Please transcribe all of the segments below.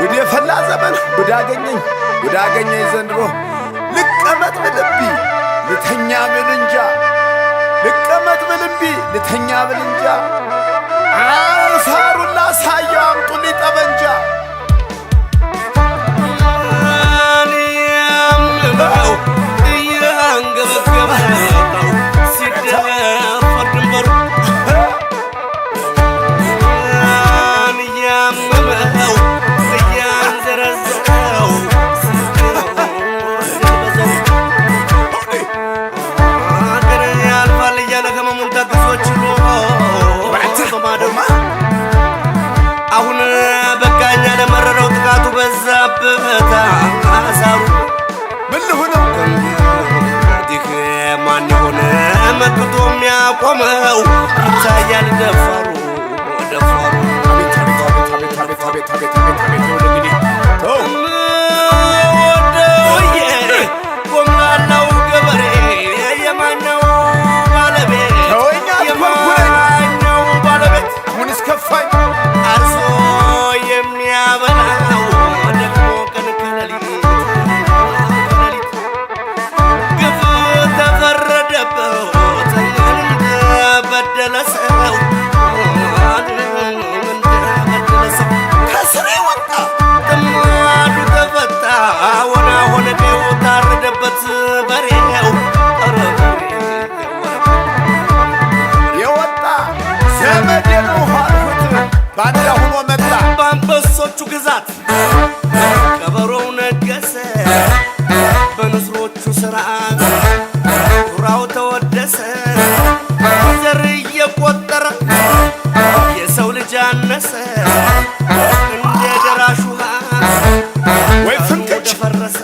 ውድ የፈላ ዘመን ውድ አገኘኝ ውድ አገኘኝ ዘንድሮ ልቀመጥ ብልቢ ልተኛ ብል ልቀመጥ ብልቢ ልተኛ ብል እንጃ አሳሩላ አምጡልኝ ጠመንጃ ገበታ ምን ልሆነው ከእንግዲህ ማን የሆነ መጥቶ የሚያቆመው ይታያል ደፋሩ ደፋሩ ባንዲራ ሆኖ መጣ በአንበሶቹ ግዛት ቀበሮው ነገሰ በንስሮቹ ስርዓት ራው ተወደሰ ዘር እየቆጠረ የሰው ልጅ አነሰ እንደ ደራሽ ውሃ ወይ ፍንቅች ደፈረሰ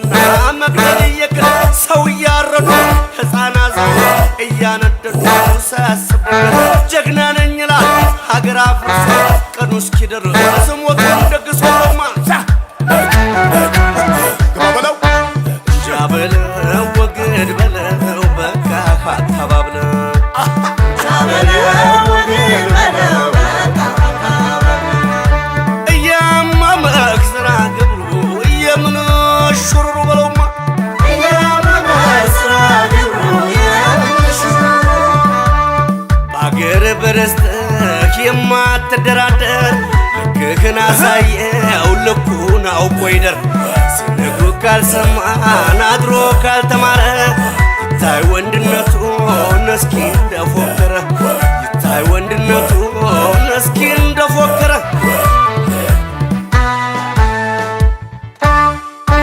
ክርስትና መቅደል እየግል ሰው እያረዱ ሕፃናት እያነደዱ ሳያስቡ ጀግና ነኝ ይላል ሀገር አፍርሶ ቀኑ እስኪደርስ ያሳየው ልኩን አውቆ ይደር ሲነግሩ ካልሰማን አድሮ ካልተማረ ይታይ ወንድነቱ ነስኪ እንደፎከረ ይታይ ወንድነቱ ነስኪ እንደፎከረ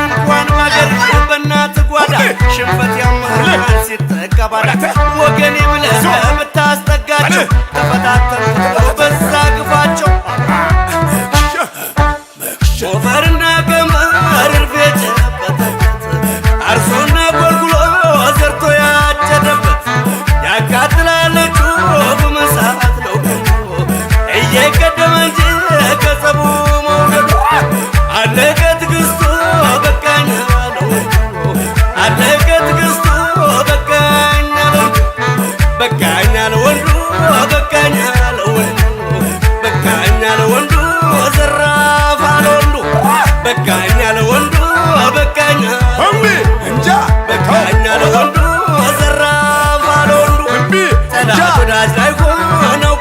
እንኳን ማገር በእናት ጓዳ ሽንፈት ያመሃል ሲጠቀባዳ ወገኔ ብለህ ብታስጠጋቸው ተፈታተን በቃኝ ያለ ወንዱ በቃኝ እንጃ በቃኝ ያለ ወንዱ ዘራፍ አለ ወንዱ ጠላት ወዳጅ ላይ ሆነው